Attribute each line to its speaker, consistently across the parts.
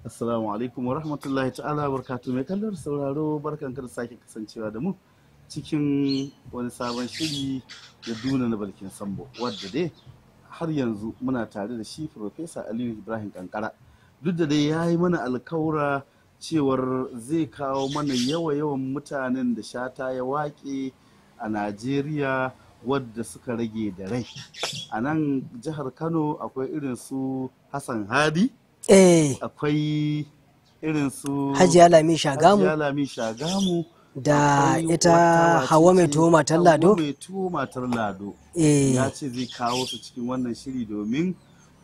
Speaker 1: Assalamu alaikum wa rahmatullahi ta'ala wa barkatu mai kallon sauraro barkan ka da sake kasancewa da mu cikin wani sabon shiri da duna na balkin sambo wadda dai har yanzu muna tare da shi Profesa Aliyu Ibrahim Kankara duk da dai ya yi mana alkawura cewar zai kawo mana yawa-yawan mutanen da shata ya waƙe a Najeriya wadda suka rage da rai a nan jihar Kano akwai irin su Hassan Hadi Eh. akwai irin su hajiya Alami shagamu da ita hawa mai tuwo matar lado mai tuwo matar lado eh. ya ce zai kawo su cikin wannan shiri domin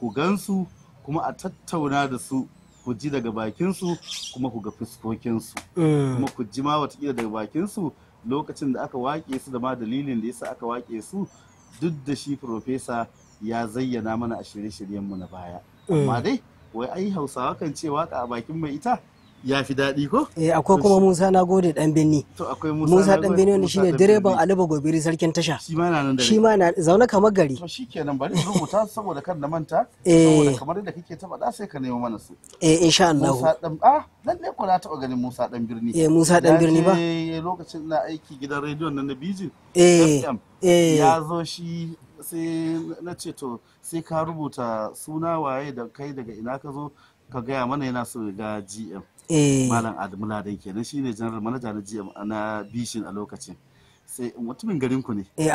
Speaker 1: ku gansu kuma a tattauna da su ku ji daga bakinsu kuma ku ga fuskokinsu mm. kuma ku ji ma watakila daga bakinsu lokacin da aka wake su da ma dalilin da yasa aka wake su duk da shi profesa ya zayyana mana a shirye-shiryenmu na baya amma mm. dai wai ai hausawa kan ce waka a bakin mai ita ya fi daɗi ko? Eh akwai kuma
Speaker 2: Musa na gode ɗan birni.
Speaker 1: To akwai Musa ɗan wani wanda shine direban
Speaker 2: Aliba Gobiri sarkin tasha. Shi ma na nan da Shi ma na zaune kamar gari. ke
Speaker 1: shikenan bari rubuta saboda kan da manta. Eh saboda kamar da kake taɓa da sai ka nemo mana su.
Speaker 2: Eh insha Allah. Musa
Speaker 1: ɗan ah nan ne ko na taɓa ganin Musa ɗan Birni. Eh Musa ɗan Birni ba. Eh lokacin na aiki gidan rediyon nan na Bijin. Eh. eh. Ya zo shi sai na ce to sai ka rubuta suna waye da kai daga ina ka zo ka gaya mana yana so ga gm eh. malam adamu ladan kenan shine general manager na gm na bishin a lokacin sai mutumin garin ku eh, ne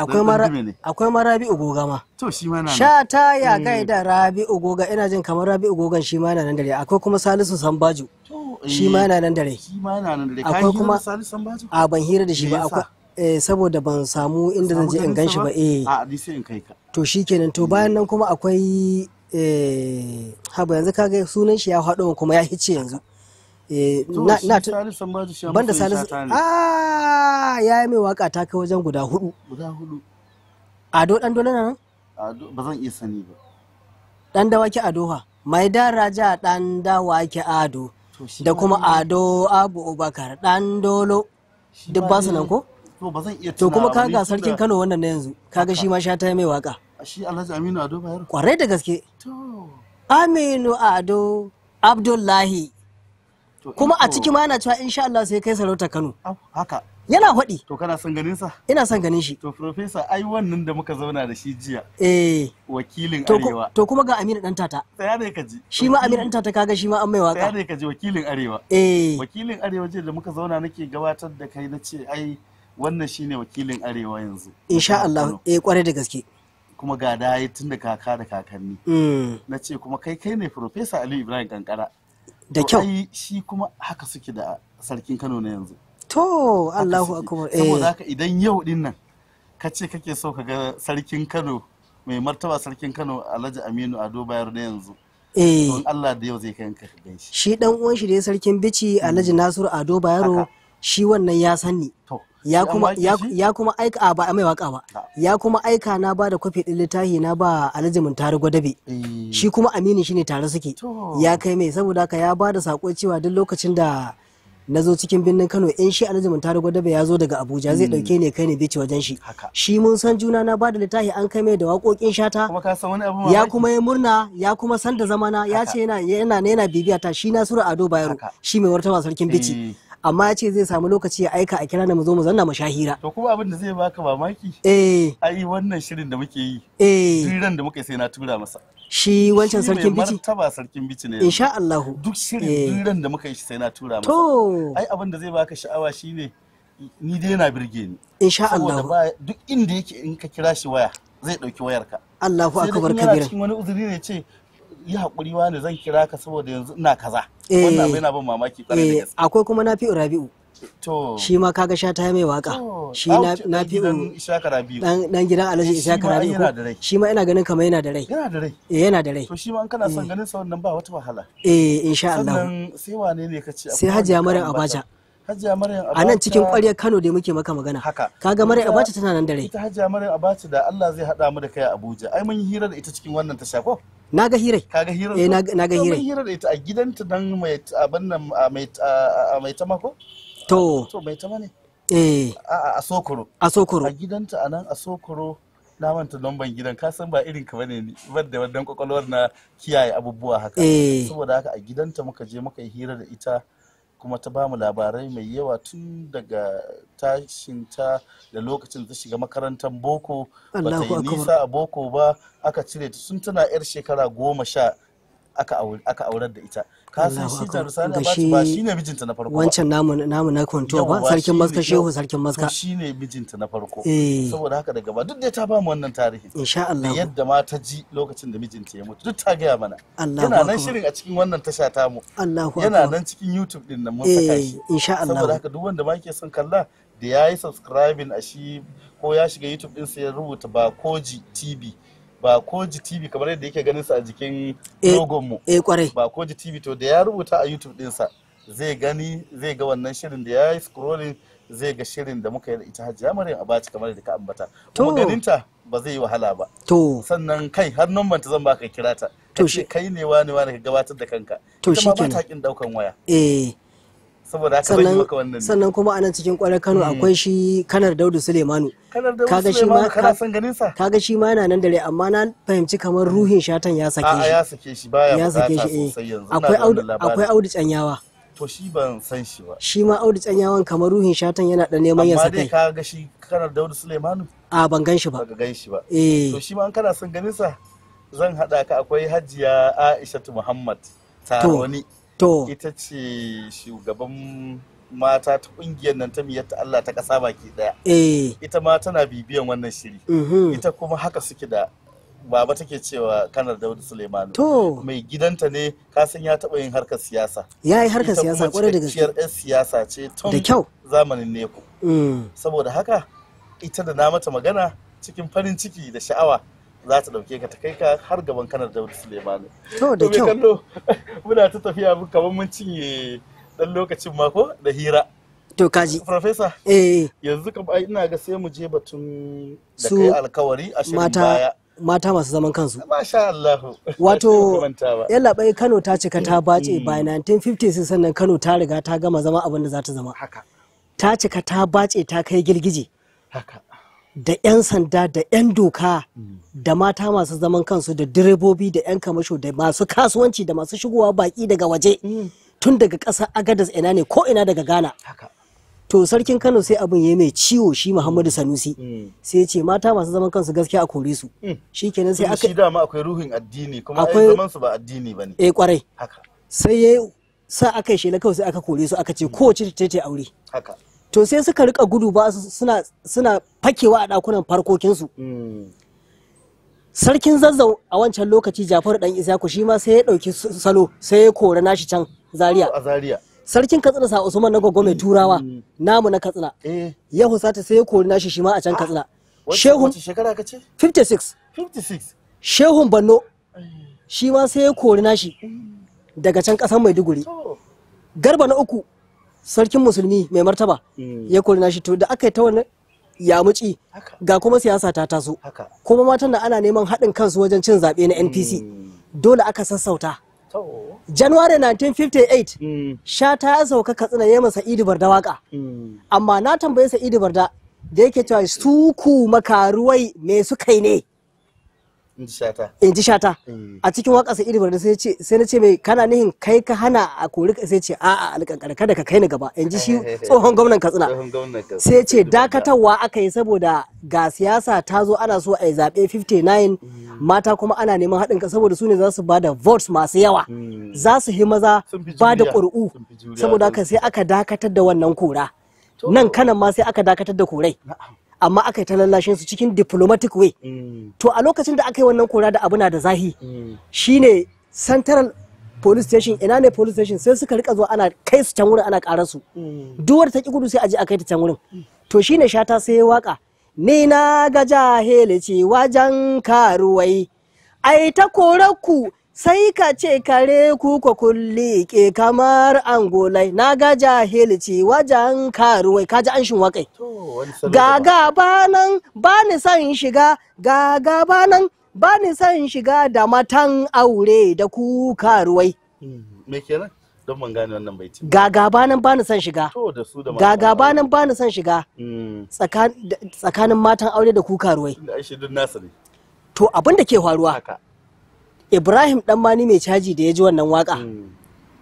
Speaker 1: akwai ma rabi ugoga ma to shi ma na sha ta ya eh. gaida
Speaker 2: rabi ugoga ina jin kamar rabi ugoga shi ma na nan dare akwai kuma salisu sambaju
Speaker 1: shi ma na nan dare shi ma na nan dare akwai kuma salisu sambaju a ban hira da shi ba akwai
Speaker 2: eh saboda ban samu inda zan je in ganshi ba eh to shikenan to bayan nan kuma akwai eh haba yanzu kaga sunan shi ya haɗo kuma ya hice yanzu eh, na
Speaker 1: banda salisu a ah,
Speaker 2: ya yi mai waka ta kai wajen guda hudu guda hudu ado dan dole nan
Speaker 1: ba zan iya sani ba
Speaker 2: dan dawaki ado ha mai daraja dan dawaki ado da kuma ado abu obakar dan dolo duk basu nan ko
Speaker 1: to ba zan iya to kuma kaga sarkin Kano
Speaker 2: wannan na yanzu ka ga shi ma sha ta mai waka
Speaker 1: shi Alhaji Aminu Ado Bayero kwarai da gaske to
Speaker 2: Aminu Ado Abdullahi kuma a ciki ma yana cewa insha Allah sai kai sarauta Kano haka yana
Speaker 1: faɗi to kana son ganin sa ina son ganin shi to professor ai wannan da muka zauna da shi jiya eh wakilin arewa to kuma ga Aminu dan tata tsaya ne ka ji shi ma Aminu dan tata kaga shi ma an mai waka tsaya ne ka ji wakilin arewa eh wakilin arewa jiya da muka zauna nake gabatar da kai nace ai wannan shine wakilin arewa yanzu insha Allah
Speaker 2: eh kwarai da gaske
Speaker 1: kuma ga da tun da kaka da kakanni mm. na ce kuma kai kai ne professor Ali Ibrahim Kankara da kyau shi kuma haka suke da sarkin Kano na yanzu to Allahu akbar eh saboda haka idan yau din nan ka ce kake so ka ga sarkin Kano mai martaba sarkin Kano Alhaji Aminu Ado Bayar na yanzu eh Allah da yau zai kai ka gan shi
Speaker 2: shi dan uwan shi da sarkin bichi Alhaji mm. Nasiru Ado Bayero shi wannan ya sani ya kuma aika a aika ba mai waka ba ya kuma aika na ba da kwafi ɗin littafi na ba alhajimin tare gwadabe eh. shi kuma aminin shine tare suke ya kai mai saboda haka ya ba da sako cewa duk lokacin da na zo cikin birnin kano in shi alhajimin tare gwadabe ya zo daga abuja zai dauke hmm. ne kai ne bici wajen shi shi mun san juna na ba da littafi an kai mai da wakokin shata ya kuma yi murna ya kuma san da zamana ya ce yana yana bibiya ta shi na nasiru ado bayero shi mai wartawa sarkin bici eh. amma ya ce zai samu lokaci ya aika a kira na mu zo mu zanna
Speaker 1: mu hira. to kuma abin da zai baka mamaki eh ai wannan shirin da muke yi eh shirin da muke sai na tura masa
Speaker 2: shi wancan sarkin bici
Speaker 1: martaba sarkin bici ne insha
Speaker 2: Allah duk shirin eh. duran
Speaker 1: da muka yi shi sai na tura masa to ai abin da zai baka sha'awa shine ni dai na birge ni insha Allah duk inda yake in ka kira shi waya zai dauki wayarka Allahu akbar kabira sai da cikin wani uzuri ne ce yi haƙuri wani zan kira ka saboda yanzu ina kaza eh. wannan mamaki eh,
Speaker 2: akwai kuma na rabi'u shi ma kaga sha ta mai waka
Speaker 1: shi na fi'u dan gidan alhaji isaka rabi'u
Speaker 2: shi ma ina ganin kamar yana da rai yana da rai eh, yana da rai to
Speaker 1: shi ma an kana son ganin sa wannan ba wata wahala sai hajiya maryam abaja hajiya maryam abacha a nan cikin ƙwaryar
Speaker 2: kano da muke maka magana haka kaga maryam abacha tana nan da rai ita
Speaker 1: hajiya maryam abacha da allah zai haɗa mu da kai a abuja ai mun yi hira da ita cikin wannan tasha ko na ga hirai kaga hirar eh na ga hirai hira da ita a gidanta dan mai abin nan a mai tama ko to to mai tama ne eh a a sokoro a sokoro a gidanta a nan a sokoro na manta lamban gidan ka san ba irin ka bane ni da wannan kwakwalwar na kiyaye abubuwa haka eh. saboda haka a gidanta muka je muka yi hira da ita kuma ta bamu labarai mai yawa tun daga tashinta da lokacin ta shiga makarantar boko ba ta yi nisa a boko ba aka cire ta sun tana 'yar shekara goma sha aka aurar da ita ka san shi Darusani bashi ba shi ne mijinta na farko wancan
Speaker 2: namu namu na kwanto ba sarkin maska shehu sarkin maska shi
Speaker 1: ne mijinta na farko eh. saboda haka daga ba duk da ta ba mu wannan tarihi insha Allah yadda ma ta ji lokacin da mijinta ya mutu duk ta gaya mana yana nan shirin a cikin wannan tasha ta mu yana nan cikin YouTube din nan mun saka eh, shi insha Allah saboda haka duk wanda ma yake son kalla da yayi subscribing a shi ko ya shiga YouTube din sai ya rubuta ba koji TV ba koji tv kamar yadda yake ganin sa a jikin eh, logon mu eh kwarai ba koji tv to da ya rubuta a youtube dinsa zai gani zai ga wannan shirin da ya yi scrolling zai ga shirin da muka yi da ita hajiya maryam abaci kamar yadda ka ambata kuma ganinta ba zai yi wahala ba to sannan kai har numban ta zan baka kira ta to shi kai ne wani wani ka gabatar da kanka to shi ba ta kin daukan waya eh saboda haka bai maka wannan sannan
Speaker 2: kuma anan cikin kwarar Kano hmm. akwai shi Kanar Daudu Sulemanu kaga shi ma kana san ganin sa kaga shi ma yana nan dare amma na fahimci kamar ruhin shatan ya sake shi a ya sake shi baya ya sake shi eh. akwai akwai Audu Canyawa
Speaker 1: to shi ban san shi ba shi
Speaker 2: ma Audu Canyawan kamar ruhin shatan yana da neman ya sake amma dai
Speaker 1: kaga shi Kanar Daudu Sulemanu
Speaker 2: a ban gan shi ba ban gan
Speaker 1: shi ba eh. to shi ma kana san ganin sa zan hada ka akwai Hajiya Aishatu Muhammad Taroni to. to ita ce shugaban mata ta kungiyar nan ta miyar ta Allah ta kasa baki daya eh ita ma tana bibiyan wannan shiri ita kuma haka suke da baba take cewa kanar daudu suleiman to mai gidanta ne kasan ya taɓa yin harkar siyasa ya harkar siyasa kwarai da gaske yan siyasa ce tun da kyau zamanin neko mm. saboda haka ita da na mata magana cikin farin ciki da sha'awa za ta dauke ka ta kai ka har gaban kanar Dawud Suleimani. To da kyau. kallo muna ta tafiya kamar mun cinye dan lokacin mako da hira. To kaji. Profesa. Eh. Yanzu kam ai ina ga sai mu je batun da kai alkawari a shirin mata, baya.
Speaker 2: Mata masu zaman kansu.
Speaker 1: Masha Allah. Wato yalla
Speaker 2: bai Kano ta cika ta mm-hmm. bace by 1950 sannan Kano ta riga ta gama zama abin da za ta zama. Haka. Ta cika ta bace ta kai girgije. Haka. da 'yan sanda da 'yan doka mm. da mata masu zaman kansu da direbobi da 'yan kamasho da masu kasuwanci da masu shigowa baki daga waje mm. tun daga ƙasar agadas ina ne ko ina daga ghana to sarkin kano sai abin ya mai ciwo shi muhammadu mm. sanusi sai ya ce mata masu zaman kansu gaskiya a kore su Shi kenan sai aka
Speaker 1: dama akwai ruhin addini kuma ai zaman su ba addini ne. eh kwarai
Speaker 2: sai ya sa aka yi shela kawai sai aka kore su aka ce kowace ta ce aure haka to sai suka rika gudu ba suna suna fakewa a dakunan farkokinsu sarkin zazzau a wancan lokaci jafar dan isaku shi ma sai ya dauki salo sai ya kora nashi can zaria oh, sarkin katsina sa usman na gogo mai mm. turawa namu na katsina eh. ya husata sai ya kori nashi shi ma a can ah, katsina shehun
Speaker 1: shekara kace 56 56
Speaker 2: shehun banno eh. shi ma sai ya kori nashi eh. daga can kasan maiduguri garba na uku sarkin musulmi mai martaba hmm. ya kori nashi to da aka yi ta wannan yamuci ga kuma siyasa ta taso kuma matan da ana neman haɗin kansu wajen cin zaɓe na npc hmm. dole aka sassauta january 1958 hmm. shata ya sauka katsina ya masa idi barda waka amma na tambaye sa'idu barda da yake cewa su ku makaruwai me su kai ne
Speaker 1: in ji shata eh.
Speaker 2: a cikin wakasa iri barde sai ce sai na ce mai kana nihin kai ka hana a kori sai ce a a alƙanƙar kada ka kai ni gaba in ji shi tsohon gwamnan katsina sai ce dakatarwa aka yi saboda ga siyasa ta zo ana so a yi zaɓe 59 mm. mata kuma ana neman haɗin ka saboda su ne za su ba da votes masu yawa mm. za su yi maza ba da ƙuri'u saboda haka sai aka dakatar da wannan kora nan kanan ma sai aka dakatar da korai amma aka yi ta lallashin su cikin diplomatic way mm. to a lokacin da aka yi wannan kora da abu na da zahi mm. shine central police station ina ne police station sai suka rika zuwa ana kai su can wurin ana karar su mm. wanda ta ki gudu sai a je a kai ta can wurin to shine shata sai ya waka ni na ga jahilici wajen karuwai ai ta koraku ku sai ka ce kare kuka kulli ke kamar angolai na ga jahilci wajen karuwai kaji an shin wakai gaga banan ba ni son shiga gaga banan ba ni son shiga da matan aure da ku karuwai
Speaker 1: hmm, me kenan don ban gane wannan baitin gaga banan ba ni son shiga to da su da gaga banan ba ni son shiga hmm.
Speaker 2: tsakanin matan aure da ku karuwai to abin da ke faruwa ibrahim ɗan mani mai caji da ya ji wannan waka hmm.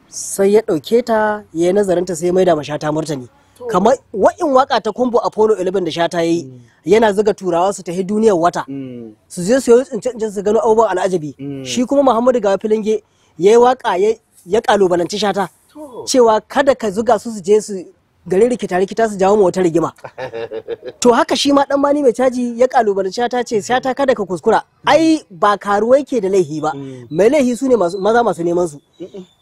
Speaker 2: sai ya ɗauke ta ya yi nazarinta sai ya maida ma shata martani kamar wa'in waka ta kumbu apollo 11 da shata ya yi hmm. yana zuga turawa su tafi duniyar wata hmm. su je su yi tsince su gano abubuwan al'ajabi shi kuma muhammadu gawa filinge ya yi waka ya kalubalanci shata cewa kada ka zuga su su je su garin rikita rikita su jawo wata rigima to haka shi ma dan mani mai caji ya kalubalance ta ce sai ta kada ka kuskura ai ba karuwai ke da laihi ba mm. mai laihi sune maza masu neman su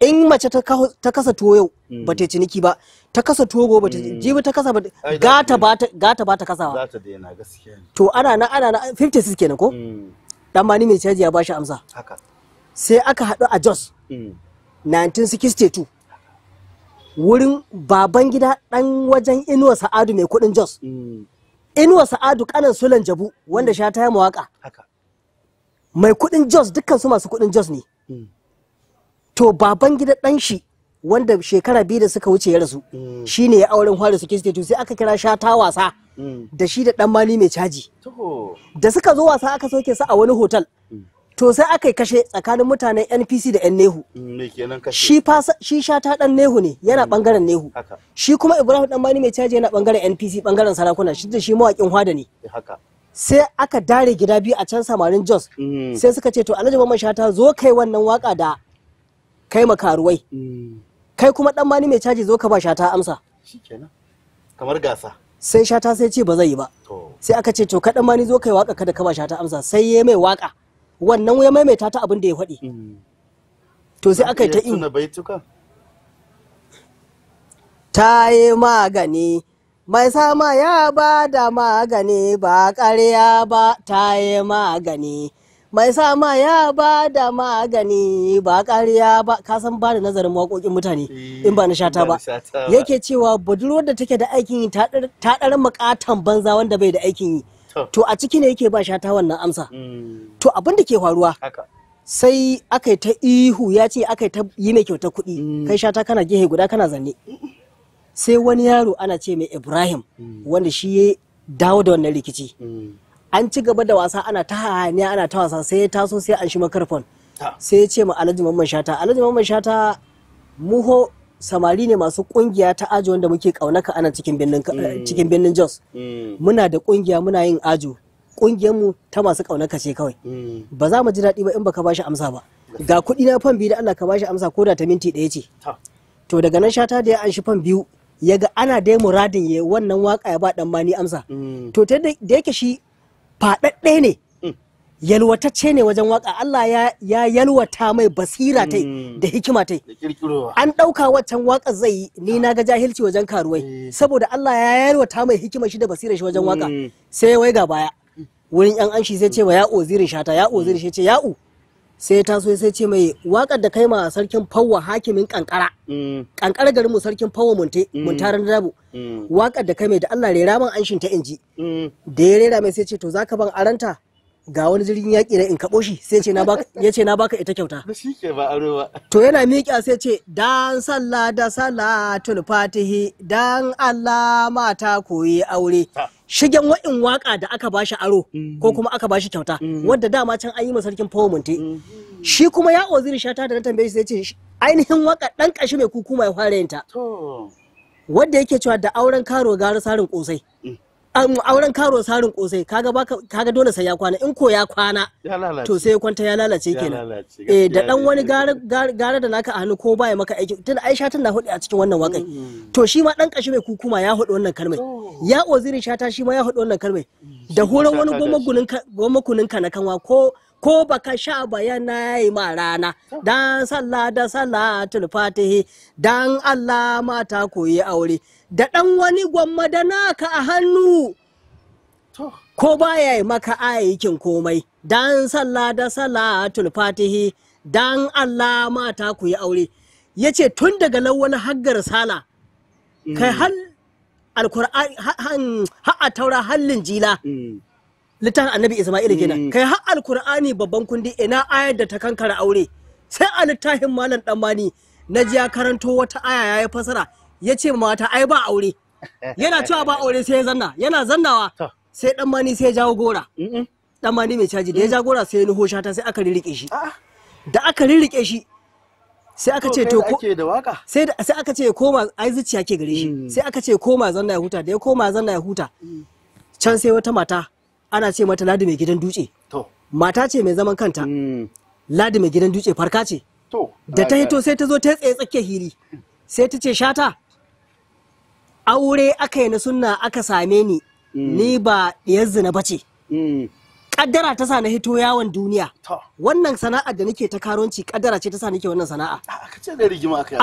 Speaker 2: in mace ta kasa tuwo yau mm. ba ta ciniki ba ta kasa tuwo gobe ba ta mm. jibi ta kasa gata ba ta gata ba ta kasawa
Speaker 1: za ta daina gaskiya
Speaker 2: to ana na ana na 56 kenan ko dan mani mai caji ya bashi amsa haka sai aka haɗu a Jos 1962 wurin baban gida dan wajen inuwa sa'adu mai kudin jos mm. inuwa sa'adu kanan sulan jabu wanda mm. sha ta mawaka mai kudin jos dukkan su masu kudin jos ne mm. to baban gida dan shi wanda shekara biyu da suka wuce ya rasu shi ne ya auren hwari su kiste sai aka kira sha ta wasa da shi da dan mali mai caji da suka zo wasa aka soke su a wani hotel to sai aka yi kashe tsakanin mutanen npc da yan nehu shi sha shata dan nehu ne yana bangaren hmm, nehu shi kuma ibrahim dan bani mai caji yana bangaren npc bangaren sarakuna shi da shi mawakin hwada ne eh, sai aka dare gida biyu a can samarin jos hmm. sai suka ce to alhaji mamman shata zo kai wannan waka da kai makaruwai hmm. kai kuma dan bani mai caji zo ka ba shata amsa kamar gasa sai shata sai ce ba zai yi ba sai aka ce to ka dan bani zo kai waka kada ka ba shata amsa sai yayi mai waka wannan ya maimaita ta abin da ya faɗi mm. to sai aka yi ta ina? ta yi magani mai sama ya ba da magani ba ƙarya ba ta yi magani mai sama ya ba da magani ba ƙarya ba ka san ba da nazarin waƙoƙin mutane eh, in ba na shata ba yake cewa budurwar da take da aikin yi ta ɗar makatan banza wanda bai da aikin yi to a ciki ne yake ba shata wannan amsa mm. to abin da ke faruwa sai aka yi ta ihu ya ce aka yi ta yi mai kyauta kuɗi mm. kai shata kana gehe guda kana zanne sai wani yaro ana ce mai ibrahim mm. wanda shi ya dawo da wannan rikici an ci gaba da wasa ana ta hanya ana ta wasa sai ya taso sai an shi makarfon sai ya ce ma alhaji mamman shata alhaji mamman shata muho samari ne masu kungiya ta ajo wanda muke kaunaka ana cikin birnin mm. cikin birnin Jos mm. muna da kungiya muna yin ajo kungiyar mu ta masu kaunaka ce kawai mm. ba za mu ji daɗi ba in baka bashi amsa ba ga kuɗi na fan biyu da Allah ka bashi amsa ko da ta minti ɗaya ce to daga nan shata da ya an shi fan biyu ya ga ana dai muradin ya wannan waka ya ba dan mani amsa to da yake shi faɗaɗɗe ne yalwatacce ne wajen waka Allah ya, yalwata mai basira ta hmm. da hikima ta an ɗauka waccan waka zai yi, ni ah. na ga jahilci wajen karuwai eh. saboda Allah ya yalwata mai hikima shi da basira shi wajen waka hmm. sai wai ga baya wurin yan anshi sai ce wa ya oziri shata ya oziri shi hmm. ce u sai ta so sai ce mai wakar da kai ma sarkin fawwa hakimin kankara kankara garin mu sarkin fawwa munte muntaran dabu wakar da kai mai da Allah rera man anshin ta inji da ya rera mai sai ce to zaka ban aranta ga wani jirgin yaƙi na in kaɓo shi sai ya ce na baka ita kyauta. To yana miƙa sai ce dan sallah da salatul fatihi dan Allah mata koyi aure. Shigen wa'in waƙa da aka bashi aro ko mm-hmm. kuma aka bashi kyauta mm-hmm. wadda dama can an yi sarkin fawamunte. Mm-hmm. Shi kuma ya oziri shata da na tambaye shi sai ce ainihin waƙa ɗan ƙashi mai kuku mai fara yinta. Wadda yake cewa da auren karo gara sarin ƙosai. Mm. auren karo sarin kosai kaga baka kaga dole sai ya kwana in ko ya kwana to sai ya kwanta ya lalace kenan eh da dan wani gara da naka a hannu ko baya maka aiki tun Aisha tana hudu a cikin wannan wakai to shi ma dan kashi mai kukuma ya hudu wannan kalmai oh. ya ozirin shata shi ma ya hudu wannan kalmai da horon wani goma ka na kanwa ko ko baka sha bayana yi ma rana dan sallah da salatul fatihi dan Allah mata koyi aure da ɗan wani gwamma da naka a hannu ko baya yi maka aikin komai dan sallah da salatul fatihi dan Allah mata koyi aure Ya ce tun daga lawwal haggar sala kai mm. hal alkur'an ha'a taura hallin jila mm. littafin annabi isma'ila kenan mm. kai har alkur'ani babban kundi ina ayar da ta kankara aure sai a littafin malam ɗanmani na ji ya karanto wata aya ya yi fasara ya ce mata ai ba aure yana cewa ba aure sai ya zanna yana zannawa sai ɗanmani sai ya jawo gora ɗanmani mai caji da ya mm. jawo gora sai ya nuho shata sai aka rirriƙe shi ah. da aka rirriƙe shi sai aka ce to sai sai aka ce koma ai zuciya ke gare shi mm. sai aka ce koma zanna ya huta da ya koma zanna ya huta can sai wata mata ana ce mata ladi mai gidan dutse mata ce mai zaman kanta hmm. ladi mai gidan dutse farka ce da ta hito sai ta zo ta tsaye tsakiyar hili sai ta ce shata aure aka yi na sunna aka same ni hmm. ni ba ɗiyar zina ba ce hmm. kaddara ta sa na hito yawon duniya wannan sana'ar da nake ta karonci kaddara ce ta sa nake wannan sana'a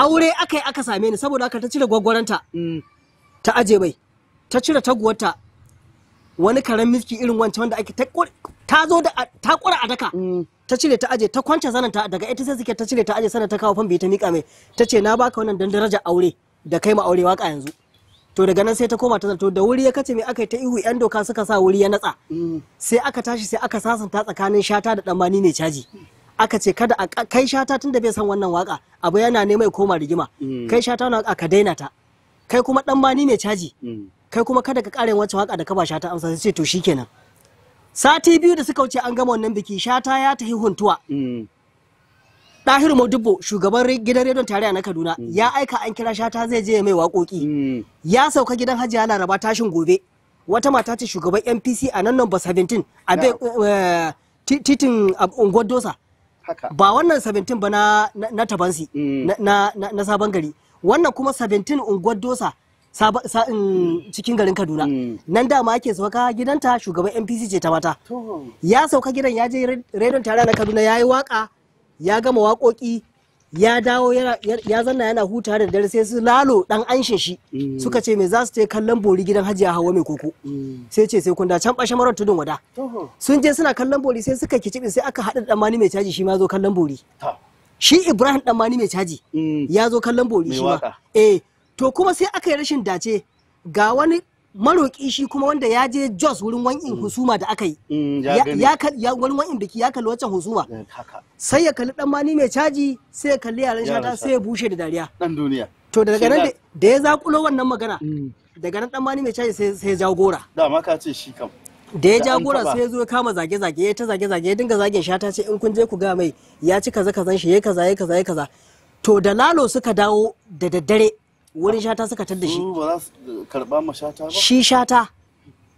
Speaker 2: aure aka yi aka same ni saboda aka ta cire gwaggwaranta ta aje bai ta cire taguwarta wani karen miski irin wancan wanda ake ta zo da ta kura a daka mm. ta cire ta aje ta kwance sananta. daga ita sai suke ta cire ta aje sananta ta kawo fan bai ta mika mai ta ce na baka wannan dan daraja aure da kai ma aure waka yanzu to daga nan sai ta koma ta zato da wuri ya kace me aka ta ihu yan doka suka sa wuri ya natsa mm. sai aka tashi sai aka sasanta tsakanin shata da dan ne caji aka ce kada a kai shata tunda bai san wannan waka abu yana neman koma rigima mm. kai shata na ka daina ta kai kuma dan ne caji kai kuma kada ka kare wacce waka da ka ba shata amsa sai ce to shikenan sati biyu da suka wuce an gama wannan biki shata ya tafi huntuwa mm. dahiru modibo shugaban gidan rediyon tarayya na kaduna mm. ya aika an kira shata zai je mai waƙoƙi mm. ya sauka gidan hajiya laraba tashin gobe wata mata ce shugaban npc a nan nomba 17 a eh, titin unguwar dosa ba wannan 17 ba na tabansi na sabon gari wannan kuma 17 unguwar dosa Mm. cikin garin kaduna mm. nan dama ake sauka gidanta shugaban npc ce ta mata ya sauka gidan ya je redon tare na kaduna ya yi waka ya gama wakoki ya dawo ya zanna yana huta da dare sai su lalo dan anshin shi mm. suka ce me za su je kallon bori gidan a hawa mai koko sai ce sai kun da can bashe marar tudun wada sun je suna kallon bori sai suka kicibi sai aka haɗa dan mani mai caji shi ma zo kallon bori shi ibrahim dan mani mai caji ya zo kallon bori shi ma eh to kuma sai aka yi rashin dace ga wani maroƙi shi kuma wanda ya je jos wurin wani mm. husuma da aka yi mm, ya wani wani biki ya kalli wancan husuma eh, sai ya kalli dan mani mai caji sai ya kalli yaran shata sai ya bushe da dariya dan duniya to daga nan da ya zakulo wannan magana mm. daga nan dan mani mai caji sai ya jawo gora ma
Speaker 1: ka ce shi kam
Speaker 2: da ya jagora sai ya zo ya kama zage-zage ya ta zage-zage ya dinga zagin shata ce in kun je ku ga mai ya ci kaza kazan shi ya kaza ya kaza ya kaza to da lalo suka dawo da daddare wurin shata suka tar da shi
Speaker 1: ba za su ma shata ba
Speaker 2: shi shata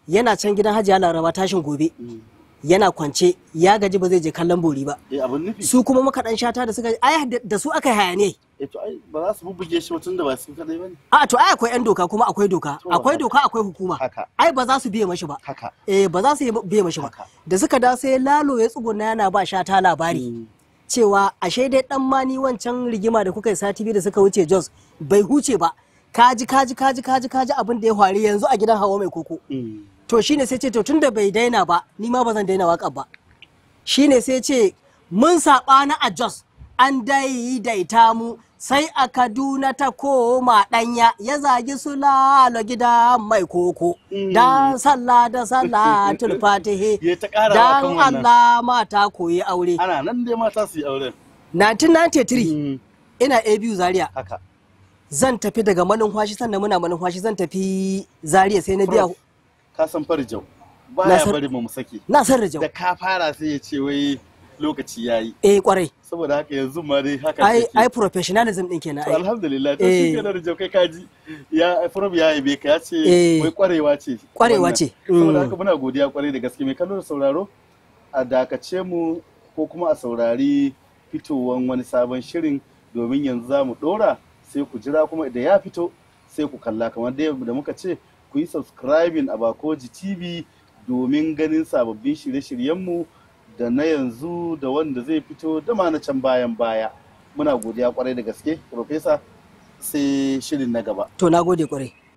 Speaker 2: yana can gidan hajiya laraba tashin gobe mm. yana kwance ya gaji ba zai je kallon bori ba eh, su kuma makaɗan shata da suka ai da su aka hayane
Speaker 1: eh, ba za su bubbuge shi mutum da ba su kadai bane
Speaker 2: a to ai akwai yan doka kuma akwai doka akwai doka akwai hukuma ai ba za su biye mashi ba eh ba za su biye mashi ba da suka da sai lalo ya tsuguna yana ba shata labari mm. cewa ashe dai dan mani wancan rigima da kuka yi sati biyu da suka wuce Jos bai huce ba kaji kaji kaji kaji kaji abin da ya faru yanzu a gidan hawa mai koko mm. to shine sai ce to tunda bai daina ba ni ma ba zan daina waka ba shine sai ce mun saba a Jos an daidaita mu sai a kaduna ta koma ɗanya ya zagi su lalo gida mai koko mm. dan sallah da sallah tulfatihi dan allah mata koyi aure ana nan dai mata su yi aure 1993 mm. ina a biyu zaria haka zan tafi daga manumfashi sannan muna manumfashi zan tafi zaria sai na biya
Speaker 1: ka san farjau baya bari mu saki na san rajau da ka fara sai ya ce wai lokaci yayi eh kwarai saboda haka yanzu ma dai haka ai ai
Speaker 2: professionalism
Speaker 1: din kenan ai alhamdulillah to shi eh. kenan da kai kaji ya from ya yi ka ya ce eh. wai kwarewa ce kwarewa ce mm. saboda haka muna godiya kwarai da gaske mai kallo da sauraro a dakace mu ko kuma a saurari fitowan wani sabon shirin domin yanzu za mu dora sai ku jira kuma idan ya fito sai ku kalla kamar da muka ce ku yi subscribing a bakoji tv domin ganin sababbin shirye-shiryenmu da na yanzu da wanda zai fito dama na can bayan baya muna godiya kwarai da gaske profesa sai shirin na gaba
Speaker 2: to na gode kwarai